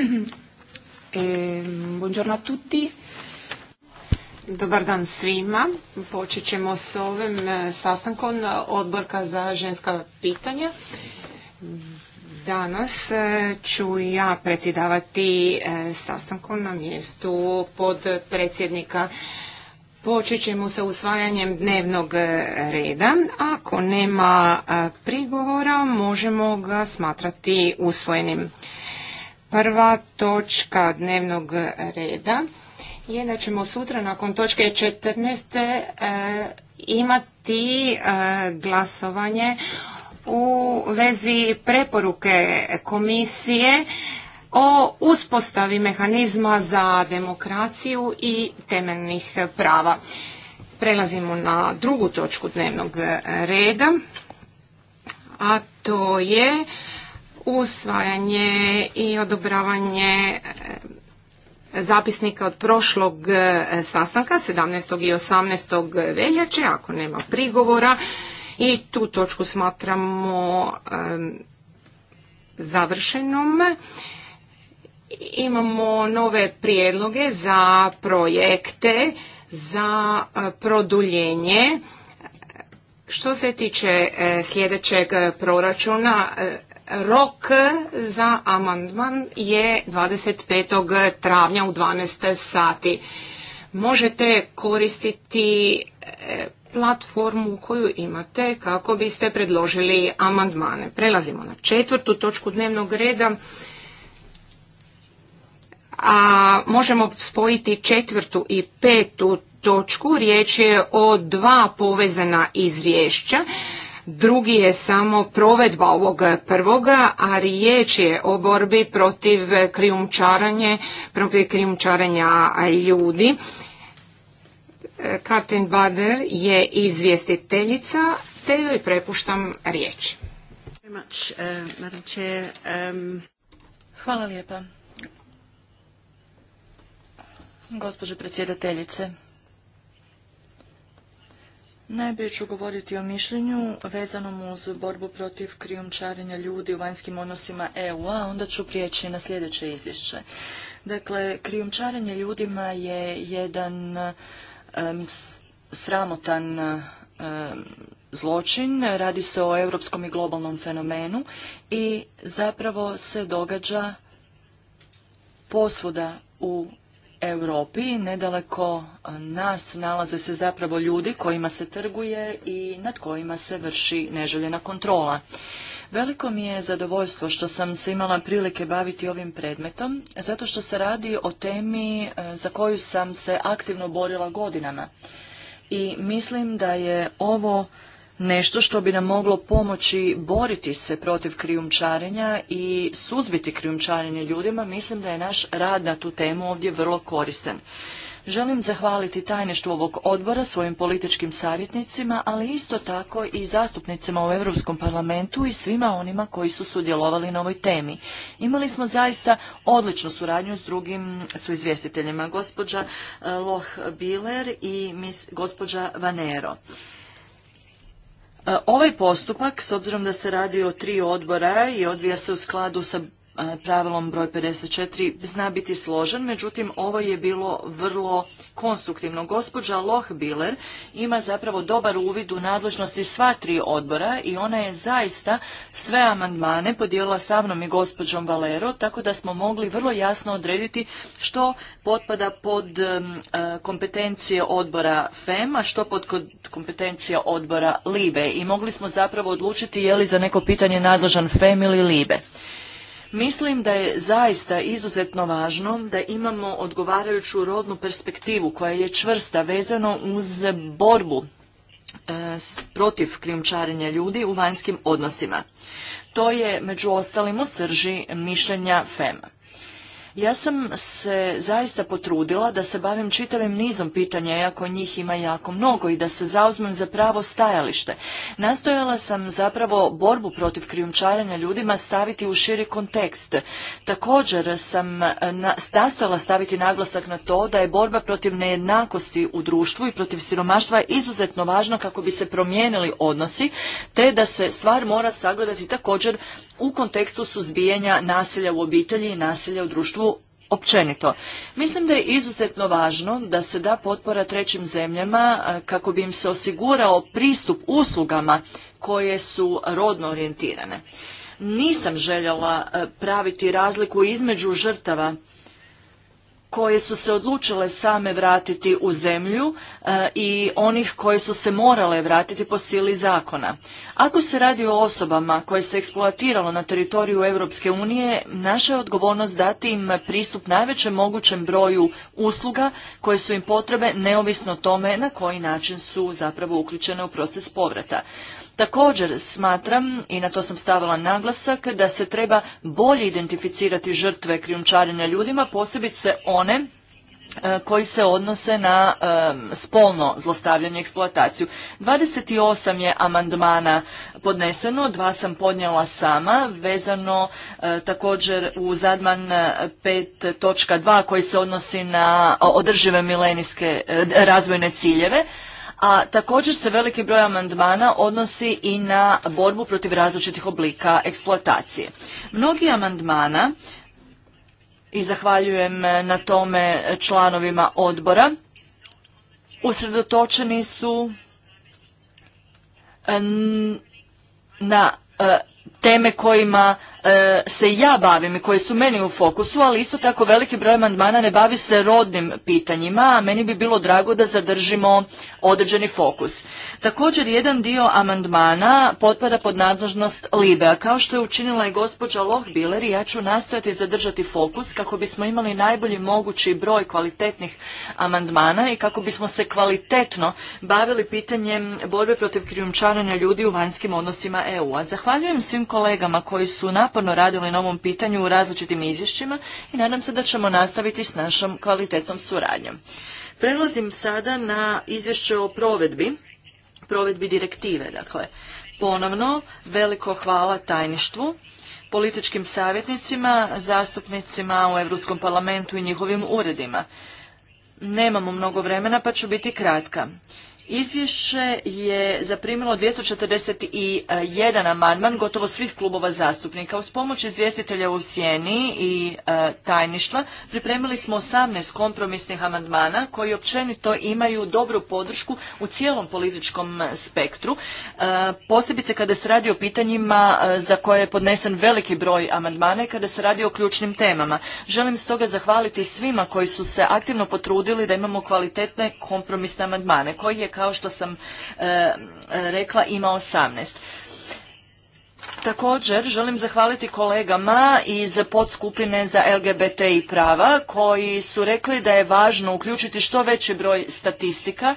E, buongiorno a tutti. Dobar dan svima. Počet ćemo s ovim e, sastankom odborka za ženska pitanja. Danas e, ću ja predsjedavati e, sastankom na mjestu pod predsjednika. Počet ćemo sa usvajanjem dnevnog reda. Ako nema prigovora, možemo ga smatrati usvojenim. Prva točka dnevnog reda je da ćemo sutra nakon točke 14. Eh, imati eh, glasovanje u vezi preporuke komisije o uspostavi mehanizma za demokraciju i temeljnih prava. Prelazimo na drugu točku dnevnog reda, a to je usvajanje i odobravanje e, zapisnika od prošlog e, sastanka 17. i 18. veljače, ako nema prigovora i tu točku smatramo e, završenom. Imamo nove prijedloge za projekte, za produljenje. Što se tiče sljedećeg proračuna, Rok za amandman je 25. travnja u 12. sati. Možete koristiti e, platformu koju imate kako biste predložili amandmane. Prelazimo na četvrtu točku dnevnog reda. A možemo spojiti četvrtu i petu točku. Riječ je o dva povezana izvješća drugi je samo provedba ovog prvoga, a riječ je o borbi protiv krijumčaranja, protiv krijumčaranja ljudi. Katrin Bader je izvjestiteljica, te joj prepuštam riječ. Hvala lijepa. Gospođo predsjedateljice, Najprije ću govoriti o mišljenju vezanom uz borbu protiv krijumčarenja ljudi u vanjskim odnosima EU-a, onda ću prijeći na sljedeće izvješće. Dakle, krijumčarenje ljudima je jedan sramotan zločin, radi se o europskom i globalnom fenomenu i zapravo se događa posvuda u Europi, nedaleko nas nalaze se zapravo ljudi kojima se trguje i nad kojima se vrši neželjena kontrola. Veliko mi je zadovoljstvo što sam se imala prilike baviti ovim predmetom, zato što se radi o temi e, za koju sam se aktivno borila godinama. I mislim da je ovo nešto što bi nam moglo pomoći boriti se protiv krijumčarenja i suzbiti krijumčarenje ljudima, mislim da je naš rad na tu temu ovdje vrlo koristan. Želim zahvaliti tajništvu ovog odbora svojim političkim savjetnicima, ali isto tako i zastupnicima u Europskom parlamentu i svima onima koji su sudjelovali na ovoj temi. Imali smo zaista odličnu suradnju s drugim suizvjestiteljima, gospođa eh, Loh Biler i gospođa Vanero. E, ovaj postupak, s obzirom da se radi o tri odbora i odvija se u skladu sa E, pravilom broj 54 zna biti složen, međutim ovo je bilo vrlo konstruktivno. Gospođa Lohbiler ima zapravo dobar uvid u nadležnosti sva tri odbora i ona je zaista sve amandmane podijelila sa mnom i gospođom Valero, tako da smo mogli vrlo jasno odrediti što potpada pod e, kompetencije odbora FEM, a što pod kompetencija odbora LIBE i mogli smo zapravo odlučiti je li za neko pitanje nadležan FEM ili LIBE. Mislim da je zaista izuzetno važno da imamo odgovarajuću rodnu perspektivu koja je čvrsta vezano uz borbu e, protiv krijumčarenja ljudi u vanjskim odnosima. To je među ostalim u srži mišljenja FEMA. Ja sam se zaista potrudila da se bavim čitavim nizom pitanja, iako njih ima jako mnogo, i da se zauzmem za pravo stajalište. Nastojala sam zapravo borbu protiv krijumčarenja ljudima staviti u širi kontekst. Također sam e, nastojala staviti naglasak na to da je borba protiv nejednakosti u društvu i protiv siromaštva izuzetno važna kako bi se promijenili odnosi, te da se stvar mora sagledati također u kontekstu suzbijanja nasilja u obitelji i nasilja u društvu općenito. Mislim da je izuzetno važno da se da potpora trećim zemljama kako bi im se osigurao pristup uslugama koje su rodno orijentirane. Nisam željela praviti razliku između žrtava koje su se odlučile same vratiti u zemlju e, i onih koje su se morale vratiti po sili zakona. Ako se radi o osobama koje se eksploatiralo na teritoriju Europske unije, naša je odgovornost dati im pristup najvećem mogućem broju usluga koje su im potrebe neovisno o tome na koji način su zapravo uključene u proces povrata. Također smatram, i na to sam stavila naglasak, da se treba bolje identificirati žrtve krijumčarenja ljudima, posebice one e, koji se odnose na e, spolno zlostavljanje i eksploataciju. 28 je amandmana podneseno, dva sam podnijela sama, vezano e, također u zadman 5.2 koji se odnosi na održive milenijske razvojne ciljeve, a također se veliki broj amandmana odnosi i na borbu protiv različitih oblika eksploatacije. Mnogi amandmana, i zahvaljujem e, na tome članovima odbora, usredotočeni su e, na e, teme kojima E, se ja bavim i koji su meni u fokusu, ali isto tako veliki broj amandmana ne bavi se rodnim pitanjima, a meni bi bilo drago da zadržimo određeni fokus. Također jedan dio amandmana potpada pod nadležnost Libe, a kao što je učinila i gospođa Lohbiler, ja ću nastojati zadržati fokus kako bismo imali najbolji mogući broj kvalitetnih amandmana i kako bismo se kvalitetno bavili pitanjem borbe protiv krijumčarenja ljudi u vanjskim odnosima EU-a. Zahvaljujem svim kolegama koji su na naporno radili na ovom pitanju u različitim izvješćima i nadam se da ćemo nastaviti s našom kvalitetnom suradnjom. Prelazim sada na izvješće o provedbi, provedbi direktive. Dakle, ponovno veliko hvala tajništvu političkim savjetnicima, zastupnicima u Europskom parlamentu i njihovim uredima. Nemamo mnogo vremena pa ću biti kratka. Izvješće je zaprimilo 241 amandman gotovo svih klubova zastupnika. Uz pomoć izvjestitelja u Sjeni i e, tajništva pripremili smo 18 kompromisnih amandmana koji općenito imaju dobru podršku u cijelom političkom spektru, e, posebice kada se radi o pitanjima e, za koje je podnesen veliki broj amandmana i kada se radi o ključnim temama. Želim stoga zahvaliti svima koji su se aktivno potrudili da imamo kvalitetne kompromisne amandmane koji je kao što sam e, rekla ima 18. Također želim zahvaliti kolegama iz podskupine za LGBT i prava koji su rekli da je važno uključiti što veći broj statistika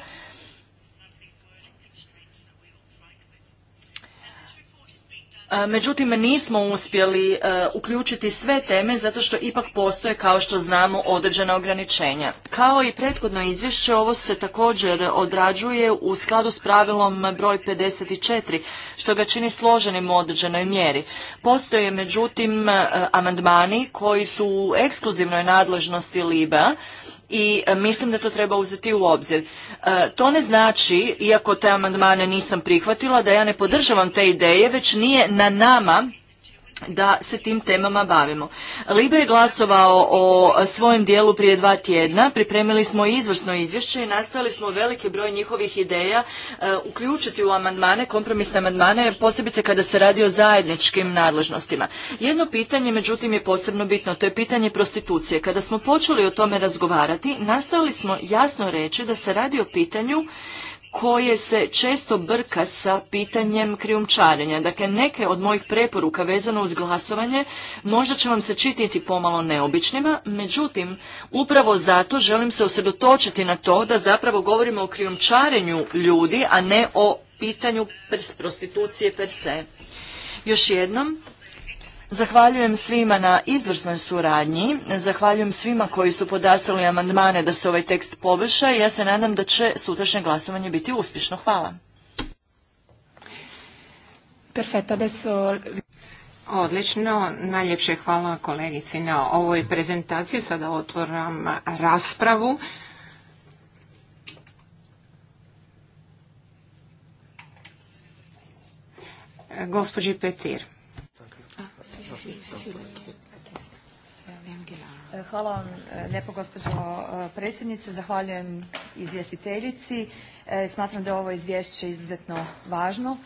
Međutim, nismo uspjeli e, uključiti sve teme zato što ipak postoje, kao što znamo, određena ograničenja. Kao i prethodno izvješće, ovo se također odrađuje u skladu s pravilom broj 54, što ga čini složenim u određenoj mjeri. Postoje, međutim, e, amandmani koji su u ekskluzivnoj nadležnosti LIBA, i e, mislim da to treba uzeti u obzir. E, to ne znači, iako te amandmane nisam prihvatila, da ja ne podržavam te ideje, već nije na nama da se tim temama bavimo. Libe je glasovao o svojem dijelu prije dva tjedna, pripremili smo izvrsno izvješće i nastojali smo veliki broj njihovih ideja e, uključiti u amandmane, kompromisne amandmane, posebice kada se radi o zajedničkim nadležnostima. Jedno pitanje, međutim, je posebno bitno, to je pitanje prostitucije. Kada smo počeli o tome razgovarati, nastojali smo jasno reći da se radi o pitanju koje se često brka sa pitanjem krijumčarenja. Dakle, neke od mojih preporuka vezano uz glasovanje možda će vam se čititi pomalo neobičnima, međutim, upravo zato želim se usredotočiti na to da zapravo govorimo o krijumčarenju ljudi, a ne o pitanju prostitucije per se. Još jednom, Zahvaljujem svima na izvrsnoj suradnji, zahvaljujem svima koji su podastali amandmane da se ovaj tekst poboljša i ja se nadam da će sutrašnje glasovanje biti uspješno. Hvala. Perfetto, Odlično, najljepše hvala kolegici na ovoj prezentaciji. Sada otvoram raspravu. Gospođi Petir. E, hvala vam e, lijepo gospođo e, predsjednice. Zahvaljujem izvjestiteljici. Smatram da je ovo izvješće izuzetno važno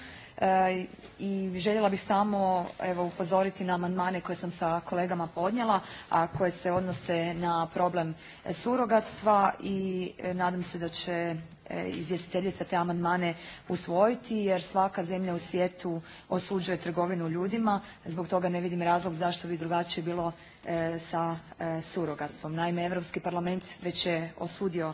i željela bih samo evo upozoriti na amandmane koje sam sa kolegama podnijela, a koje se odnose na problem surogatstva i e, nadam se da će e, izvjestiteljica te amandmane usvojiti jer svaka zemlja u svijetu osuđuje trgovinu ljudima. Zbog toga ne vidim razlog zašto bi drugačije bilo e, sa surogatstvom. Naime, Europski parlament već je osudio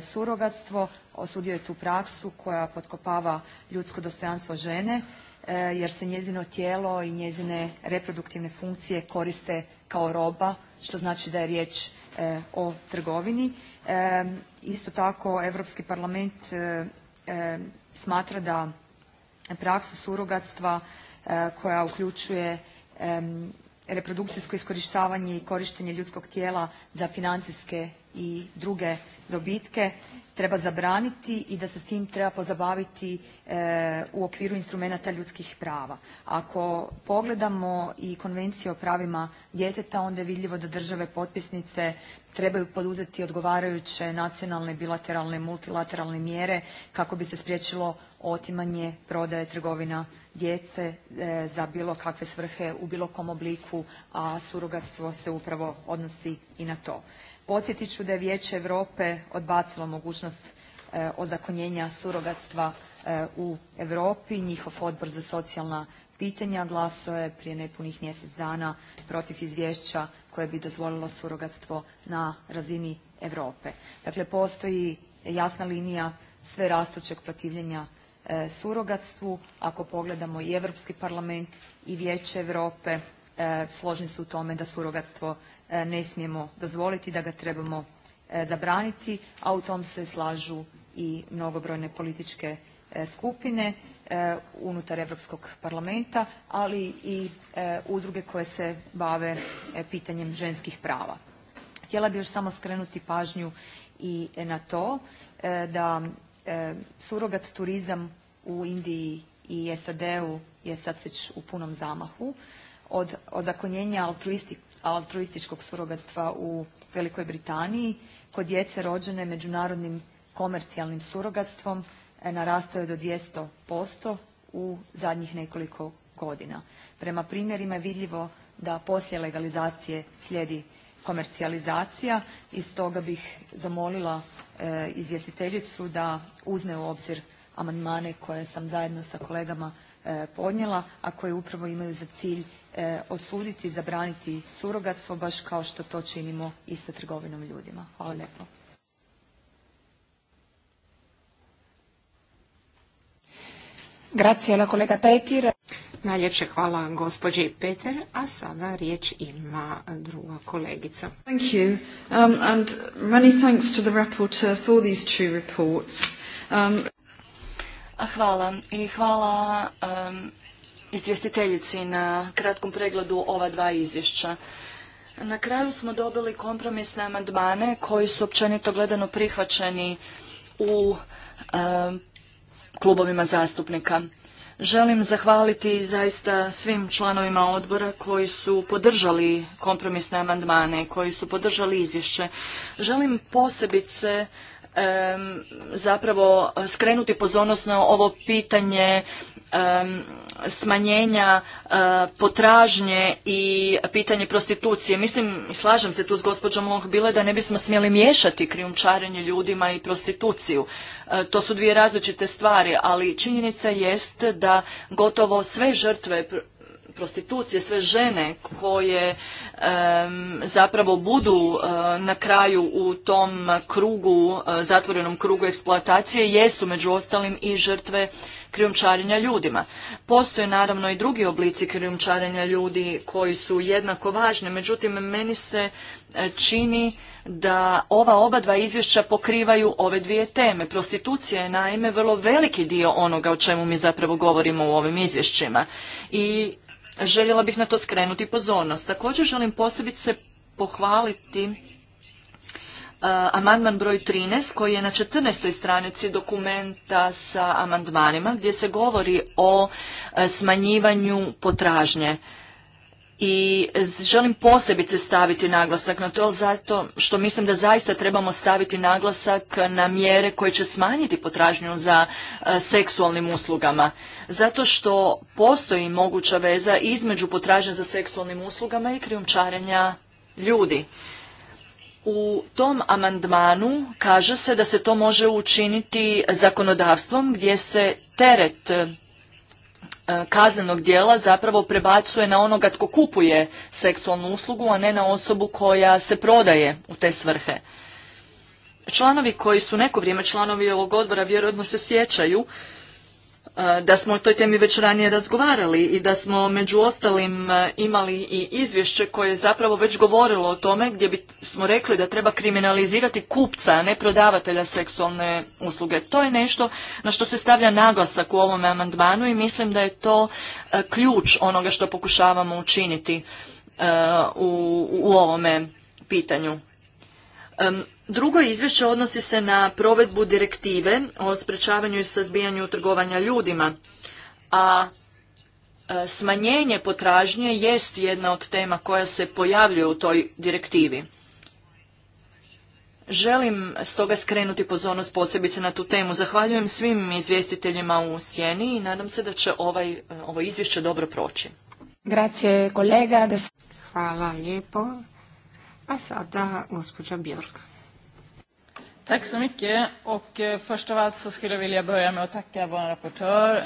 surogatstvo, osudio je tu praksu koja potkopava ljudsko dostojanstvo žene E, jer se njezino tijelo i njezine reproduktivne funkcije koriste kao roba što znači da je riječ e, o trgovini. E, isto tako Europski parlament smatra da praksu surogatstva koja uključuje reprodukcijsko iskorištavanje i korištenje ljudskog tijela za financijske i druge dobitke treba zabraniti i da se s tim treba pozabaviti e, u okviru instrumenata ljudskih prava. Ako pogledamo i Konvenciju o pravima djeteta onda je vidljivo da države potpisnice trebaju poduzeti odgovarajuće nacionalne, bilateralne, multilateralne mjere kako bi se spriječilo otimanje, prodaje, trgovina djece e, za bilo kakve svrhe u bilo kom obliku, a surogatstvo se upravo odnosi i na to. Podsjetit ću da je Vijeće Europe odbacilo mogućnost eh, ozakonjenja surogatstva eh, u Europi. Njihov Odbor za socijalna pitanja glasao je prije nepunih mjesec dana protiv izvješća koje bi dozvolilo surogatstvo na razini Europe. Dakle, postoji jasna linija sve rastućeg protivljenja eh, surogatstvu. Ako pogledamo i Europski parlament i Vijeće Europe složni su u tome da surogatstvo E, ne smijemo dozvoliti, da ga trebamo e, zabraniti, a u tom se slažu i mnogobrojne političke e, skupine unutar Europskog parlamenta, ali i udruge koje se bave pitanjem ženskih prava. Htjela bih još samo skrenuti pažnju i na to da surogat turizam u Indiji i SAD-u je sad već u punom zamahu. Od ozakonjenja altruisti altruističkog surogatstva u Velikoj Britaniji kod djece rođene međunarodnim komercijalnim surogatstvom e, narastao je do 200% u zadnjih nekoliko godina. Prema primjerima je vidljivo da poslije legalizacije slijedi komercijalizacija i stoga bih zamolila e, izvjestiteljicu da uzme u obzir amandmane koje sam zajedno sa kolegama e, podnijela, a koje upravo imaju za cilj E, osuditi i zabraniti surogatstvo baš kao što to činimo i sa trgovinom ljudima. Hvala lijepo. Grazie alla kolega Petir. Najljepše hvala gospođi Peter, a sada riječ ima druga kolegica. Thank you. Um, and many thanks to the rapporteur for these two reports. Um... Hvala i hvala um, izvjestiteljici na kratkom pregledu ova dva izvješća. Na kraju smo dobili kompromisne amandmane koji su općenito gledano prihvaćeni u klubovima zastupnika. Želim zahvaliti zaista svim članovima odbora koji su podržali kompromisne amandmane, koji su podržali izvješće. Želim posebice zapravo skrenuti pozornost na ovo pitanje smanjenja e, potražnje i pitanje prostitucije. Mislim, slažem se tu s gospođom je da ne bismo smjeli miješati krijumčarenje ljudima i prostituciju. E, to su dvije različite stvari, ali činjenica jest da gotovo sve žrtve prostitucije, sve žene koje zapravo budu eh, na kraju u tom krugu, eh, zatvorenom krugu eksploatacije, jesu među ostalim i žrtve krijumčarenja ljudima. Postoje naravno i drugi oblici krijumčarenja ljudi koji su jednako važni, međutim meni se eh, čini da ova oba dva izvješća pokrivaju ove dvije teme. Prostitucija je naime vrlo veliki dio onoga o čemu mi zapravo govorimo u ovim izvješćima. I Željela bih na to skrenuti pozornost. Također želim posebice pohvaliti e, amandman broj 13 koji je na 14. stranici dokumenta sa amandmanima gdje se govori o e, smanjivanju potražnje i želim posebice staviti naglasak na to zato što mislim da zaista trebamo staviti naglasak na mjere koje će smanjiti potražnju za e, seksualnim uslugama. Zato što postoji moguća veza između potražnje za seksualnim uslugama i krijumčarenja ljudi. U tom amandmanu kaže se da se to može učiniti zakonodavstvom gdje se teret E, kaznenog dijela zapravo prebacuje na onoga tko kupuje seksualnu uslugu, a ne na osobu koja se prodaje u te svrhe. Članovi koji su neko vrijeme članovi ovog odbora vjerojatno se sjećaju E, da smo o toj temi već ranije razgovarali i da smo među ostalim e, imali i izvješće koje je zapravo već govorilo o tome gdje bi smo rekli da treba kriminalizirati kupca, a ne prodavatelja seksualne usluge. To je nešto na što se stavlja naglasak u ovom amandmanu i mislim da je to e, ključ onoga što pokušavamo učiniti u, u ovome pitanju. Drugo izvješće odnosi se na provedbu direktive o sprečavanju i sazbijanju trgovanja ljudima, a e, smanjenje potražnje jest jedna od tema koja se pojavljuje u toj direktivi. Želim stoga skrenuti pozornost posebice na tu temu. Zahvaljujem svim izvjestiteljima u Sjeni i nadam se da će ovaj, e, ovo izvješće dobro proći. Grazie, kolega. Hvala lijepo. A sada gospođa Bjorka. Tack så mycket. Och eh, först av allt så skulle jag vilja börja med att tacka vår rapportör,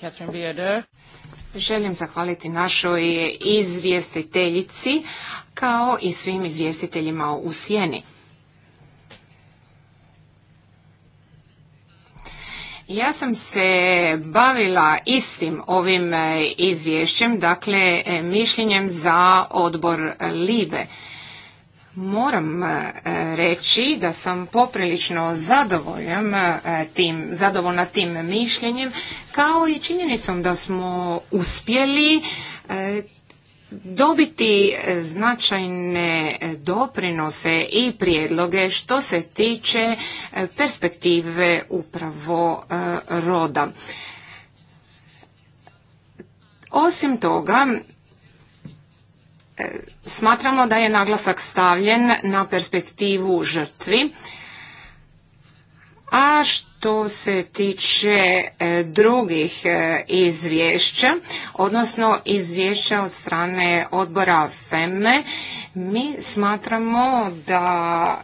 eh, Želim zahvaliti našoj izvjestiteljici kao i svim izvjestiteljima u Sjeni. Ja sam se bavila istim ovim eh, izvješćem, dakle eh, mišljenjem za odbor LIBE. Moram e, reći da sam poprilično zadovoljan e, tim, zadovoljna tim mišljenjem, kao i činjenicom da smo uspjeli e, dobiti značajne doprinose i prijedloge što se tiče perspektive upravo roda. Osim toga, Smatramo da je naglasak stavljen na perspektivu žrtvi, a što se tiče e, drugih e, izvješća, odnosno izvješća od strane odbora FEME, e, mi smatramo da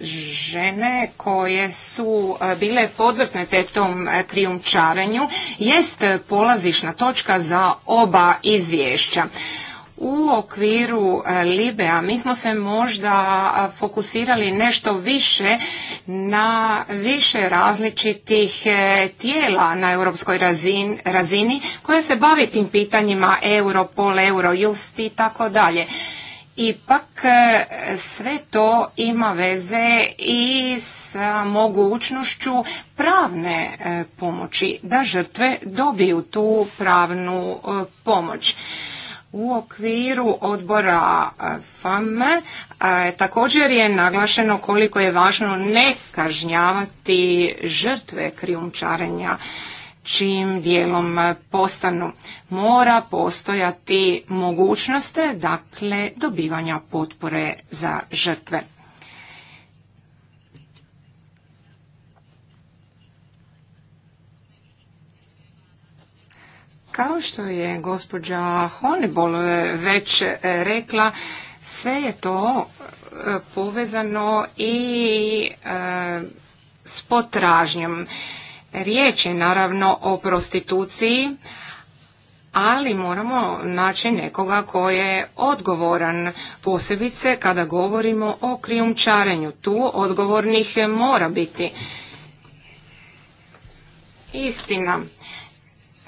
žene koje su bile podvrtnete tom krijumčarenju jest polazišna točka za oba izvješća u okviru e, Libea mi smo se možda fokusirali nešto više na više različitih e, tijela na europskoj razini, razini koja se bavi tim pitanjima Europol, Eurojust i tako dalje. Ipak e, sve to ima veze i sa mogućnošću pravne pomoći da žrtve dobiju tu pravnu pomoć. U okviru odbora FAM također je naglašeno koliko je važno ne kažnjavati žrtve krijumčarenja čim dijelom postanu. Mora postojati mogućnost dakle dobivanja potpore za žrtve. Kao što je gospođa Honebol e, već e, rekla, sve je to e, povezano i s potražnjom. Riječ je naravno o prostituciji, ali moramo naći nekoga ko je odgovoran, posebice kada govorimo o krijumčarenju. Tu odgovornih mora biti. Istina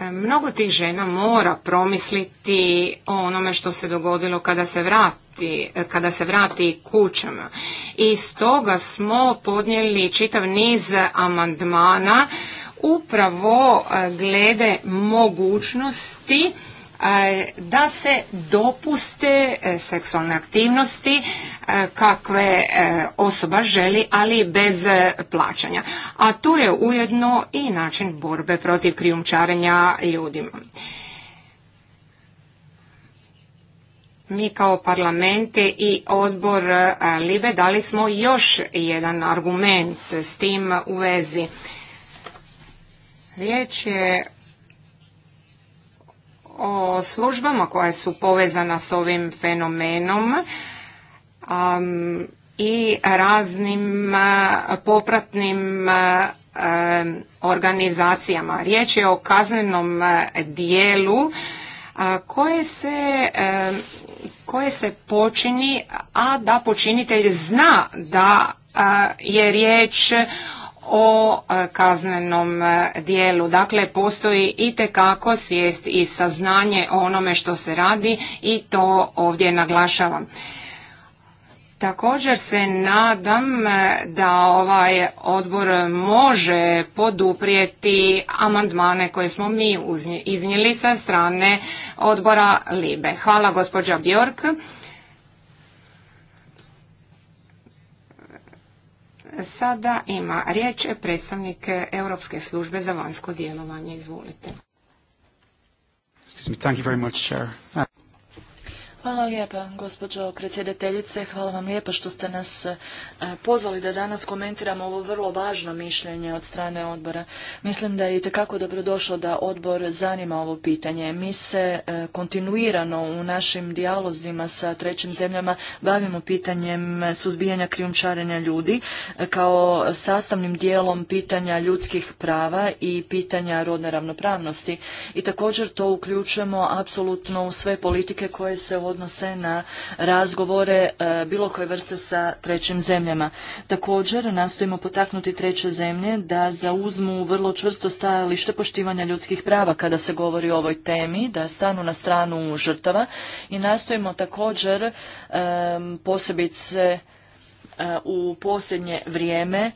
Mnogo tih žena mora promisliti o onome što se dogodilo kada se vrati kada se vrati kućama. I stoga smo podnijeli čitav niz amandmana upravo e, glede mogućnosti E, da se dopuste e, seksualne aktivnosti e, kakve osoba želi, ali bez plaćanja. A to je ujedno i način borbe protiv krijumčarenja ljudima. Mi kao parlamente i odbor Libe dali smo još jedan argument s tim u vezi. Riječ je o službama koja su povezana s ovim fenomenom i raznim popratnim organizacijama. Riječ je o kaznenom dijelu koje se koje se počini, a da počinitelj zna da je riječ o e, kaznenom e, dijelu. Dakle, postoji i tekako svijest i saznanje o onome što se radi i to ovdje naglašavam. Također se nadam e, da ovaj odbor može poduprijeti amandmane koje smo mi iznijeli sa strane odbora Libe. Hvala gospođa Bjork. Sada ima riječ predstavnik Europske službe za vanjsko djelovanje. Izvolite. Hvala lijepa, gospođo predsjedateljice. Hvala vam lijepa što ste nas e, pozvali da danas komentiramo ovo vrlo važno mišljenje od strane odbora. Mislim da je itekako dobrodošlo da odbor zanima ovo pitanje. Mi se e, kontinuirano u našim dijalozima sa trećim zemljama bavimo pitanjem suzbijanja krijumčarenja ljudi e, kao sastavnim dijelom pitanja ljudskih prava i pitanja rodne ravnopravnosti. I također to uključujemo apsolutno u sve politike koje se u odnose na razgovore e, bilo koje vrste sa trećim zemljama. Također nastojimo potaknuti treće zemlje da zauzmu vrlo čvrsto stajalište poštivanja ljudskih prava kada se govori o ovoj temi, da stanu na stranu žrtava i nastojimo također e, posebice e, u posljednje vrijeme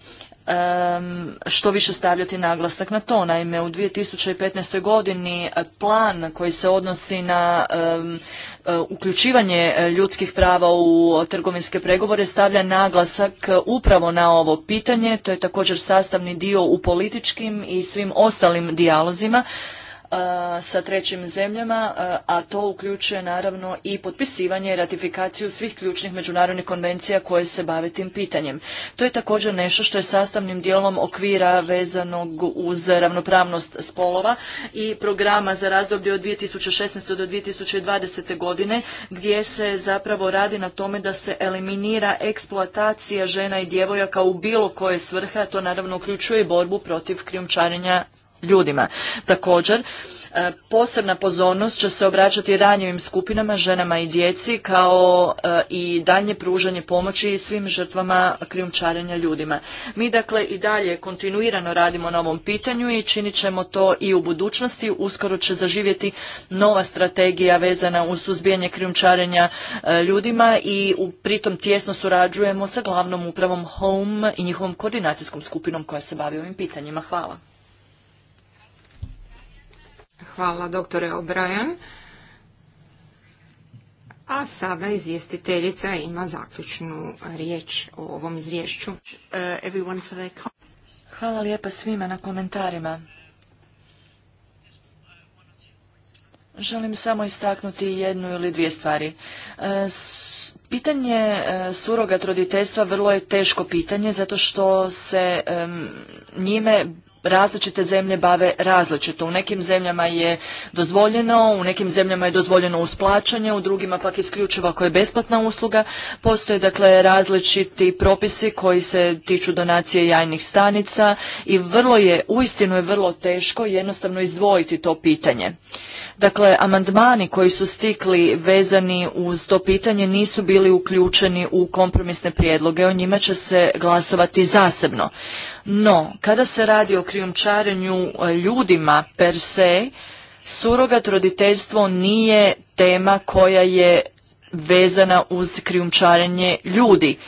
što više stavljati naglasak na to. Naime, u 2015. godini plan koji se odnosi na e, uključivanje ljudskih prava u trgovinske pregovore stavlja naglasak upravo na ovo pitanje. To je također sastavni dio u političkim i svim ostalim dijalozima sa trećim zemljama, a to uključuje naravno i potpisivanje i ratifikaciju svih ključnih međunarodnih konvencija koje se bave tim pitanjem. To je također nešto što je sastavnim dijelom okvira vezanog uz ravnopravnost spolova i programa za razdoblje od 2016. do 2020. godine gdje se zapravo radi na tome da se eliminira eksploatacija žena i djevojaka u bilo koje svrhe, a to naravno uključuje i borbu protiv krijumčarenja ljudima. Također, e, Posebna pozornost će se obraćati ranjivim skupinama, ženama i djeci, kao e, i dalje pružanje pomoći svim žrtvama krijumčarenja ljudima. Mi dakle i dalje kontinuirano radimo na ovom pitanju i činit ćemo to i u budućnosti. Uskoro će zaživjeti nova strategija vezana uz suzbijanje krijumčarenja e, ljudima i pritom tjesno surađujemo sa glavnom upravom HOME i njihovom koordinacijskom skupinom koja se bavi ovim pitanjima. Hvala. Hvala doktore O'Brien. A sada izvjestiteljica ima zaključnu riječ o ovom izvješću. Uh, Hvala lijepa svima na komentarima. Želim samo istaknuti jednu ili dvije stvari. Uh, pitanje uh, surogat roditeljstva vrlo je teško pitanje zato što se um, njime različite zemlje bave različito. U nekim zemljama je dozvoljeno, u nekim zemljama je dozvoljeno uz plaćanje, u drugima pak isključivo ako je besplatna usluga. Postoje dakle različiti propisi koji se tiču donacije jajnih stanica i vrlo je, uistinu je vrlo teško jednostavno izdvojiti to pitanje. Dakle, amandmani koji su stikli vezani uz to pitanje nisu bili uključeni u kompromisne prijedloge, o njima će se glasovati zasebno. No, kada se radi o krijumčarenju e, ljudima per se, surogat roditeljstvo nije tema koja je vezana uz krijumčarenje ljudi.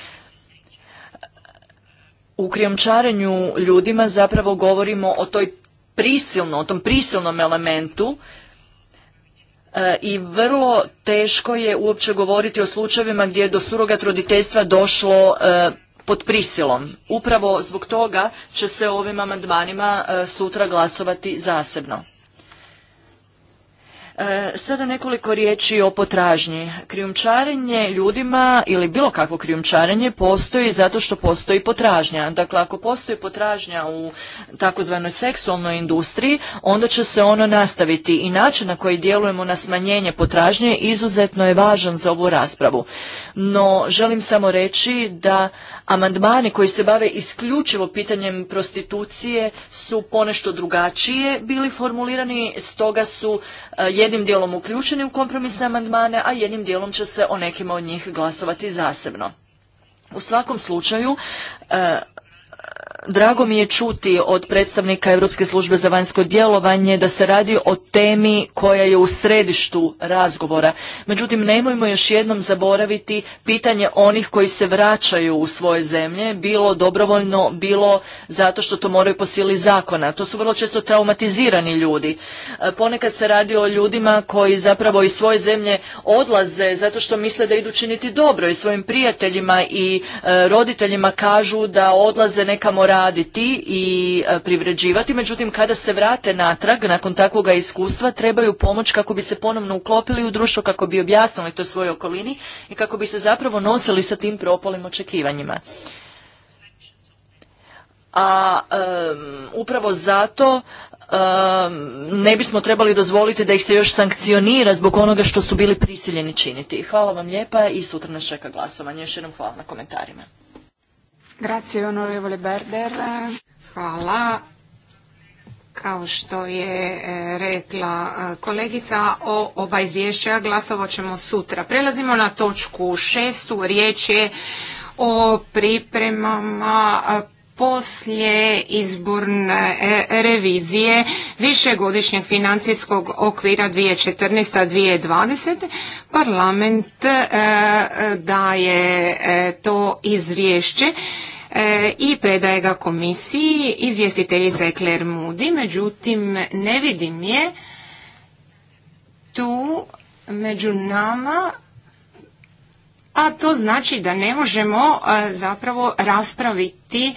U krijumčarenju ljudima zapravo govorimo o toj prisilno, o tom prisilnom elementu e, i vrlo teško je uopće govoriti o slučajevima gdje je do surogat roditeljstva došlo e, pod prisilom. Upravo zbog toga će se ovim amandmanima e, sutra glasovati zasebno. E, sada nekoliko riječi o potražnji. Krijumčarenje ljudima ili bilo kakvo krijumčarenje postoji zato što postoji potražnja. Dakle, ako postoji potražnja u takozvanoj seksualnoj industriji, onda će se ono nastaviti i način na koji djelujemo na smanjenje potražnje izuzetno je važan za ovu raspravu. No, želim samo reći da amandmani koji se bave isključivo pitanjem prostitucije su ponešto drugačije bili formulirani, stoga su e, jednim dijelom uključeni u kompromisne amandmane, a jednim dijelom će se o nekima od njih glasovati zasebno. U svakom slučaju, e, Drago mi je čuti od predstavnika Europske službe za vanjsko djelovanje da se radi o temi koja je u središtu razgovora. Međutim, nemojmo još jednom zaboraviti pitanje onih koji se vraćaju u svoje zemlje, bilo dobrovoljno, bilo zato što to moraju po sili zakona. To su vrlo često traumatizirani ljudi. E, ponekad se radi o ljudima koji zapravo iz svoje zemlje odlaze zato što misle da idu činiti dobro i svojim prijateljima i e, roditeljima kažu da odlaze nekamo raditi i e, privređivati, međutim kada se vrate natrag nakon takvog iskustva trebaju pomoć kako bi se ponovno uklopili u društvo, kako bi objasnili to svojoj okolini i kako bi se zapravo nosili sa tim propolim očekivanjima. A upravo zato ne bismo trebali dozvoliti da ih se još sankcionira zbog onoga što su bili prisiljeni činiti. Hvala vam lijepa i sutra nas čeka glasovanje. Još jednom hvala na komentarima. Grazie, onorevole Berder. Hvala. Kao što je e, rekla e, kolegica, o oba izvješća glasovat ćemo sutra. Prelazimo na točku šestu, riječ je o pripremama poslije izborne e, revizije višegodišnjeg financijskog okvira 2014-2020 parlament e, daje e, to izvješće i predaje ga komisiji. Izvjestiteljica je Claire Moody, međutim ne vidim je tu među nama a to znači da ne možemo zapravo raspraviti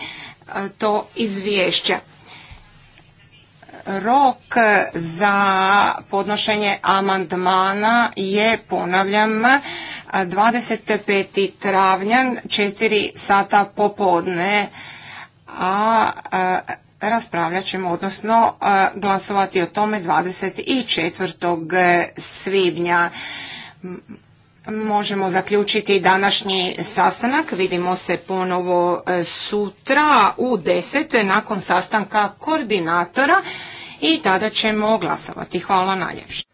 E, to izvješće. Rok za podnošenje amandmana je, ponavljam, 25. travnja 4 sata popodne, a e, raspravljat ćemo, odnosno e, glasovati o tome 24. svibnja možemo zaključiti današnji sastanak. Vidimo se ponovo e, sutra u 10 nakon sastanka koordinatora i tada ćemo glasovati. Hvala najljepše.